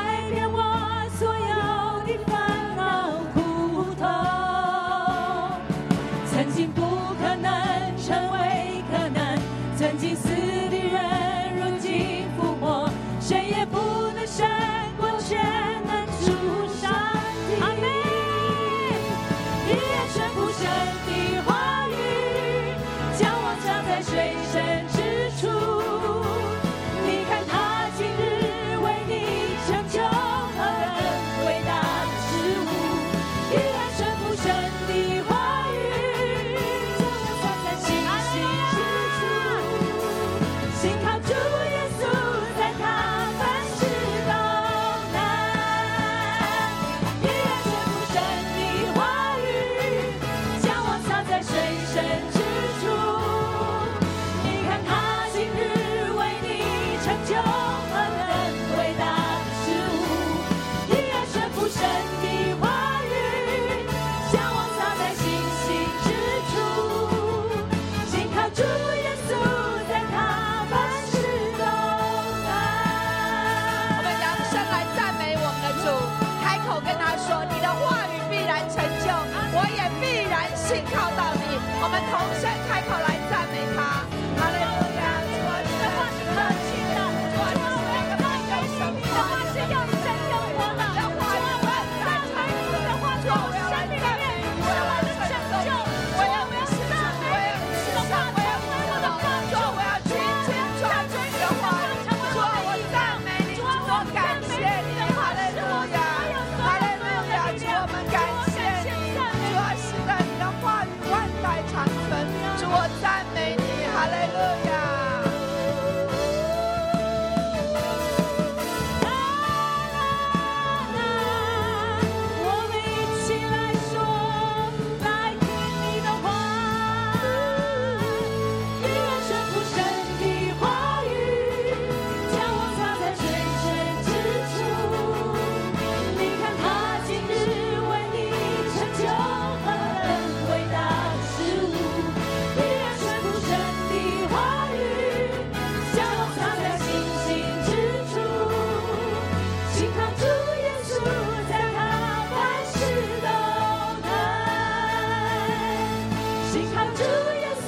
信靠主耶穌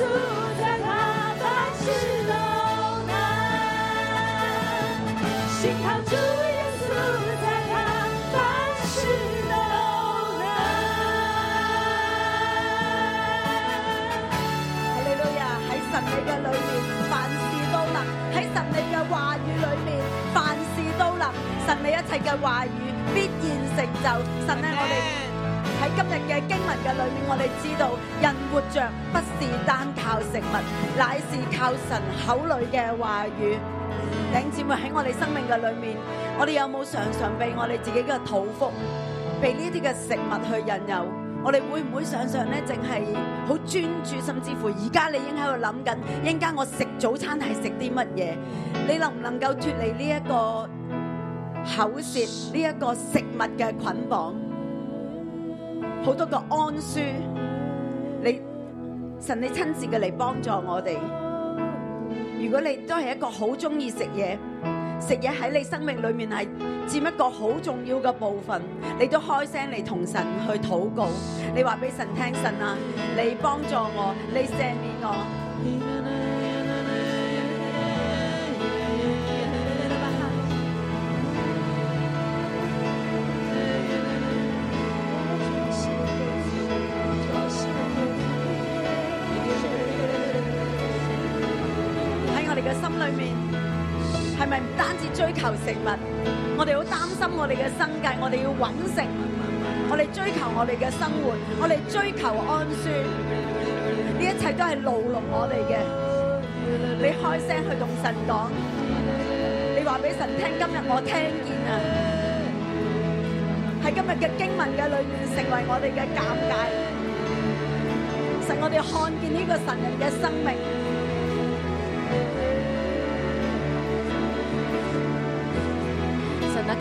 在他，祂凡事都能。信靠主耶穌他，祂凡事都能。阿利女啊，喺神你嘅裏面，凡事都能；喺神你嘅話語裏面，凡事都能。神你一切嘅話語必然成就。神你，我哋。今日嘅經文嘅裏面，我哋知道人活著不是單靠食物，乃是靠神口裏嘅話語。弟兄姊妹，喺我哋生命嘅裏面，我哋有冇常常被我哋自己嘅肚腹，被呢啲嘅食物去引誘？我哋會唔會常常咧淨係好專注？甚至乎而家你已經喺度諗緊，一陣間我食早餐係食啲乜嘢？你能唔能夠脫離呢一個口舌、呢一個食物嘅捆綁？好多個安舒，你神你親自嘅嚟幫助我哋。如果你都係一個好中意食嘢，食嘢喺你生命裏面係佔一個好重要嘅部分，你都開聲嚟同神去禱告。你話俾神聽，神啊，你幫助我，你赦免我。求食物，我哋好擔心我哋嘅生計，我哋要搵食，我哋追求我哋嘅生活，我哋追求安舒，呢一切都係牢籠我哋嘅。你開聲去同神講，你話俾神聽，今日我聽見啊，喺今日嘅經文嘅裏面，成為我哋嘅鑒戒，使我哋看見呢個神人嘅生命。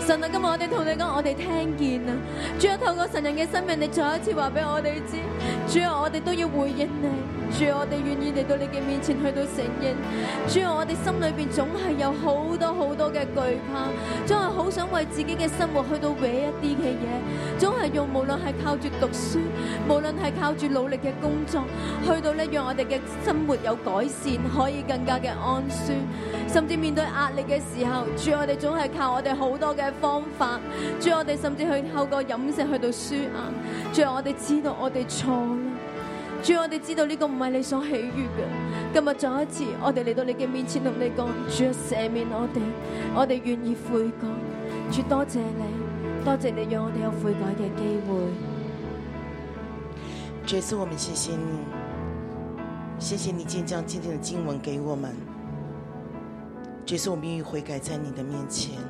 神啊，今日我哋同你講，我哋聽見啊，主啊，透過神人嘅生命，你再一次話俾我哋知，主啊，我哋都要回應你。主啊，我哋願意嚟到你嘅面前去到承認。主啊，我哋心裏邊總係有好多好多嘅懼怕，總係好想為自己嘅生活去到搵一啲嘅嘢，總係用無論係靠住讀書，無論係靠住努力嘅工作，去到咧讓我哋嘅生活有改善，可以更加嘅安舒。甚至面對壓力嘅時候，主啊，我哋總係靠我哋好多。我嘅方法，主要我哋甚至去透過飲食去到輸眼，主我哋知道我哋錯啦，最主我哋知道呢個唔係你所喜悦嘅。今日再一次，我哋嚟到你嘅面前同你講，主要赦免我哋，我哋願意悔改，主多謝你，多謝你讓我哋有悔改嘅機會。這次我們，謝謝你，謝謝你今將今天的經文給我們，這次我們願意悔改在你的面前。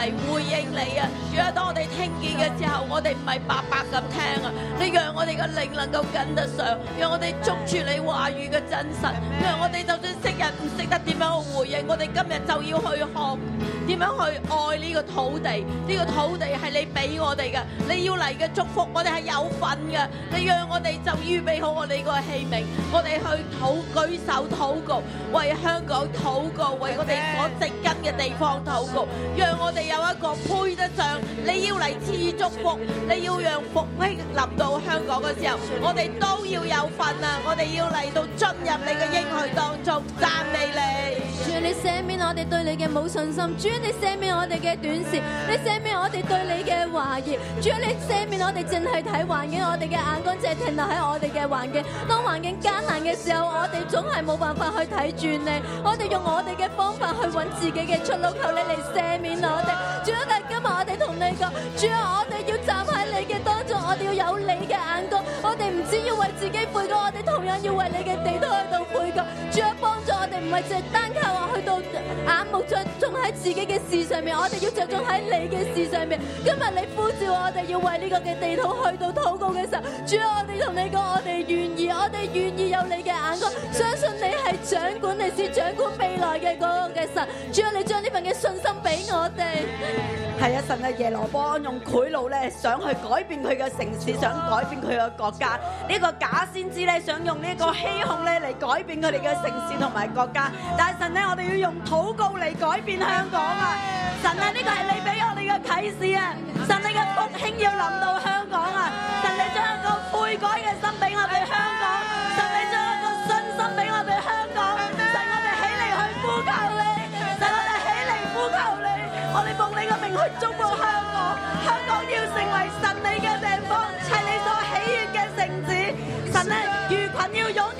嚟回應你啊！如果當我哋聽見嘅之後，我哋唔係白白咁聽啊！你讓我哋嘅靈能夠跟得上，讓我哋捉住你話語嘅真實。讓我哋就算識人唔識得點樣去回應，我哋今日就要去學。點樣去愛呢個土地？呢個土地係你俾我哋嘅，你要嚟嘅祝福，我哋係有份嘅。你讓我哋就預備好我哋個器皿，我哋去禱舉手禱告，為香港禱告，為我哋我植根嘅地方禱告。讓我哋有一個配得上你要嚟賜祝福，你要讓復興臨到香港嘅時候，我哋都要有份啊！我哋要嚟到進入你嘅應許當中，讚美你。願你赦免我哋對你嘅冇信心，主。你赦免我哋嘅短視，你赦免我哋對你嘅懷疑，主啊，你赦免我哋淨係睇環境，我哋嘅眼光淨係停留喺我哋嘅環境。當環境艱難嘅時候，我哋總係冇辦法去睇住你，我哋用我哋嘅方法去揾自己嘅出路。求你嚟赦免我哋，主啊，但係今日我哋同你講，主啊，我哋。即係單靠我去到眼目着重喺自己嘅事上面，我哋要着重喺你嘅事上面。今日你呼召我哋要為呢個嘅地土去到禱告嘅時候，主啊，我哋同你講，我哋願意，我哋願意有你嘅眼光，相信你係掌管歷史、掌管未來嘅嗰個嘅神。主啊，你將呢份嘅信心俾我哋。係啊，神啊，耶羅波用賄賂咧，想去改變佢嘅城市，想改變佢嘅國家。呢個假先知咧，想用呢個欺哄咧嚟改變佢哋嘅城市同埋國家。但是神咧，我哋要用禱告嚟改變香港啊！神啊，呢個係你俾我哋嘅啟示啊！神你嘅福興要臨到香港啊！神你將一個悔改嘅心俾我哋香港，神你將一個信心俾我哋香港，神我哋起嚟去呼求你，神我哋起嚟呼求你，我哋奉你嘅名去祝福香港，香港要成為神你嘅地方，係你所喜悅嘅城市，神啊，魚群要湧。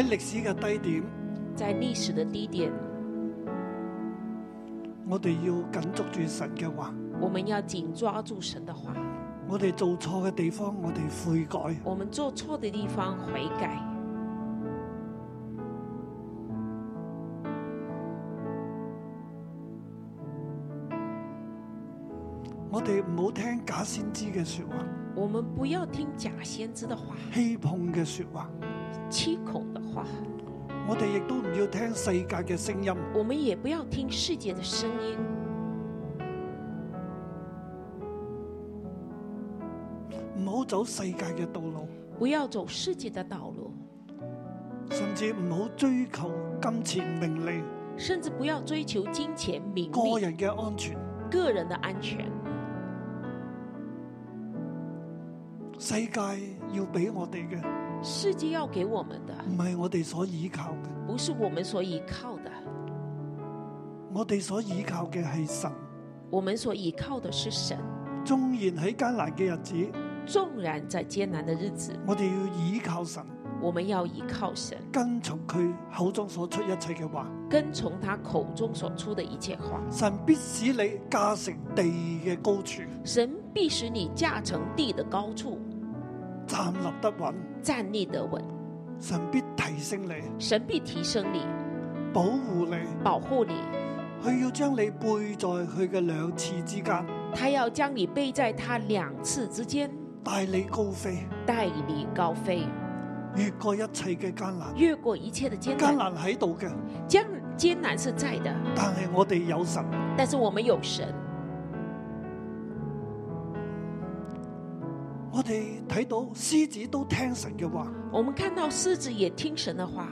喺歷史嘅低點，在歷史的低點，我哋要緊捉住神嘅話。我們要緊抓住神的話。我哋做錯嘅地方，我哋悔改。我們做錯的地方悔改。我哋唔好聽假先知嘅說話。我們不要聽假先知的話，欺碰嘅說話。七孔的話，我哋亦都唔要聽世界嘅聲音。我們也不要聽世界嘅聲音，唔好走世界嘅道路。不要走世界的道路，甚至唔好追求金錢名利。甚至不要追求金錢名利。個人嘅安全，個人的安全，世界要俾我哋嘅。世界要給我們的，唔係我哋所依靠嘅，不是我們所依靠的。我哋所依靠嘅係神，我們所依靠的是神。縱然喺艱難嘅日子，縱然在艱難的日子，我哋要依靠神，我們要依靠神，跟從佢口中所出一切嘅話，跟從他口中所出的一切話。神必使你駕乘地嘅高處，神必使你駕乘地嘅高處，站立得穩，站立得穩，神必提升你，神必提升你，保護你，保護你，佢要將你背在佢嘅兩翅之間，他要將你背在他兩翅之間，帶你高飛，帶你高飛，越過一切嘅艱難，越過一切嘅艱難，艱難喺度嘅，艱艱難是在嘅。但係我哋有神，但是我們有神。我哋睇到獅子都聽神嘅話，我們看到獅子也聽神嘅話。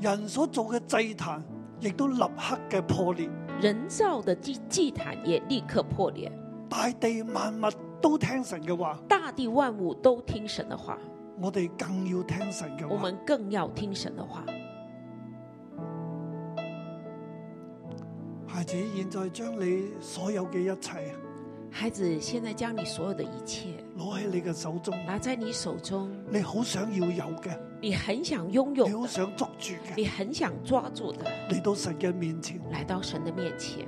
人所做嘅祭壇，亦都立刻嘅破裂。人造嘅祭祭壇也立刻破裂。大地萬物都聽神嘅話，大地萬物都聽神嘅話。我哋更要聽神嘅話，我們更要聽神嘅話。孩子，現在將你所有嘅一切。孩子，現在將你所有的一切攞喺你嘅手中，拿在你手中。你好想要有嘅，你很想擁有，你好想捉住嘅，你很想抓住嘅，嚟到神嘅面前，來到神嘅面前，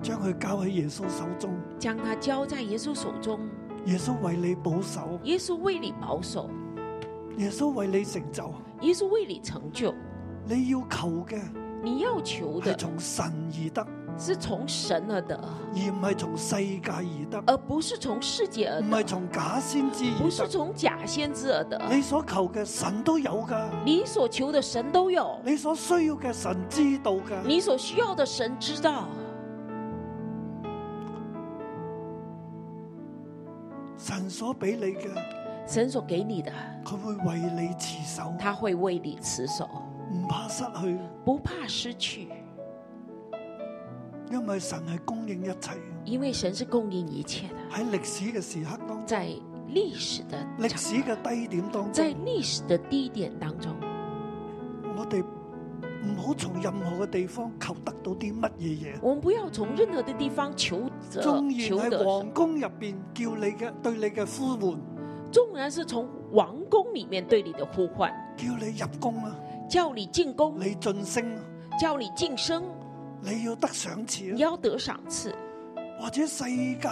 將佢交喺耶穌手中，將它交在耶穌手中。耶穌為你保守，耶穌為你保守，耶穌為你成就，耶穌為你成就。你要求嘅，你要求的，從神而得。是從神而得，而唔係從世界而得，而不是從世界而得，唔係從假先知，不是從假先知而得。你所求嘅神都有噶，你所求嘅神都有，你所需要嘅神知道噶，你所需要嘅神知道。神所俾你嘅，神所給你嘅，佢會為你持守，佢會為你持守，唔怕失去，不怕失去。因為神係供應一切，因為神是供應一切的。喺歷史嘅時刻當中，在歷史的、歷史嘅低點當中，在歷史的低點當中，我哋唔好從任何嘅地方求得到啲乜嘢嘢。我們不要從任何的地方求得。縱然喺王宮入邊叫你嘅，對你嘅呼喚，縱然是從王宮裏面你對你的呼喚，叫你入宮啊，叫你進宮，你晉升，叫你晉升。你要得賞賜，你要得賞賜，或者世界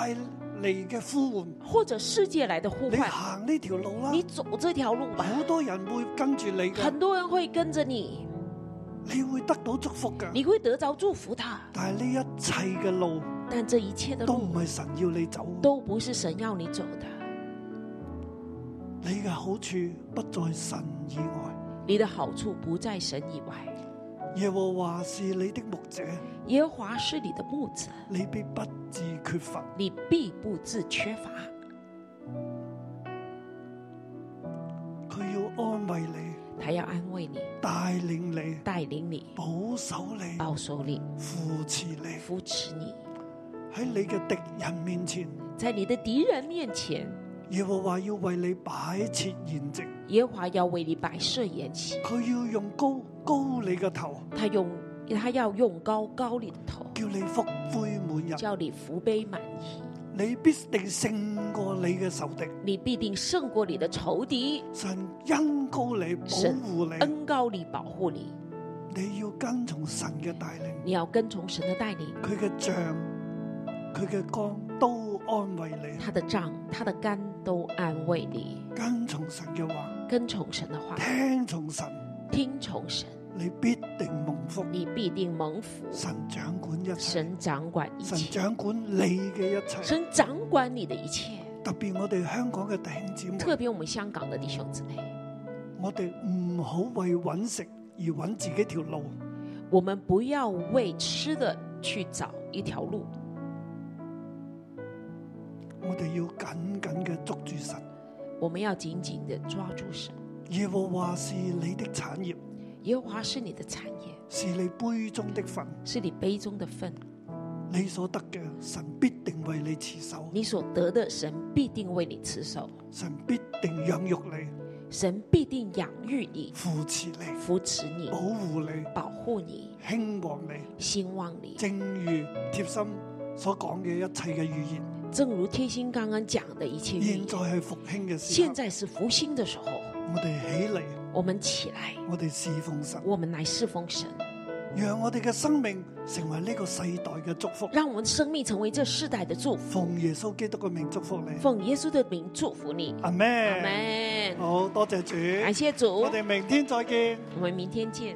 嚟嘅呼喚，或者世界嚟嘅呼喚，你行呢條路啦，你走這條路吧，好多人會跟住你嘅，很多人會跟着你，你，你會得到祝福噶，你會得到祝福，但係呢一切嘅路，但這一切的路都唔係神要你走，都唔是神要你走的，你嘅好處不在神以外，你嘅好處不在神以外。耶和華是你的牧者，耶和華是你的牧者，你必不至缺乏，你必不至缺乏。佢要安慰你，他要安慰你，帶領你，帶領你，保守你，保守你，扶持你，扶持你。喺你嘅敵人面前，在你的敵人面前。耶和華要為你擺設筵席，耶和華要為你擺設筵席。佢要用高高你嘅頭，他用他要用高高你嘅頭，你頭叫你福杯滿溢，叫你福杯滿溢。」你必定勝過你嘅仇敵，你必定勝過你嘅仇敵。神恩高你保護你，恩高你保護你。你要跟從神嘅帶領祂祂，你要跟從神嘅帶領。佢嘅杖，佢嘅光。安慰你，他的杖，他的竿都安慰你。跟從神嘅話，跟從神的話，聽從神，聽從神，你必定蒙福，你必定蒙福。神掌管一切，神掌管一切，神掌管你嘅一切，神掌管你的一切。特別我哋香港嘅弟兄姊妹，特別我們香港的弟兄姊妹，我哋唔好為揾食而揾自己條路，我們不要為吃的去找一條路。我哋要緊緊嘅捉住神，我們要緊緊嘅抓住神。耶和華是你的產業，耶和華是你的產業，是你杯中的分，是你杯中的分。你所得嘅，神必定為你持守；你所得的，神必定為你持守。神必定養育你，神必定養育你，扶持你，扶持你，保護你，保護你，興旺你，興旺你，正如貼心所講嘅一切嘅語言。正如天星剛剛講的一切，現在係復興嘅時候，現在是復興的時候。我哋起嚟，我們起來，我哋侍奉神，我們來侍奉神，讓我哋嘅生命成為呢個世代嘅祝福。讓我們生命成為這世代嘅祝福，奉耶穌基督嘅名祝福你，奉耶穌嘅名祝福你，阿門，阿門，好多謝主，感謝主，我哋明天再見，我們明天見。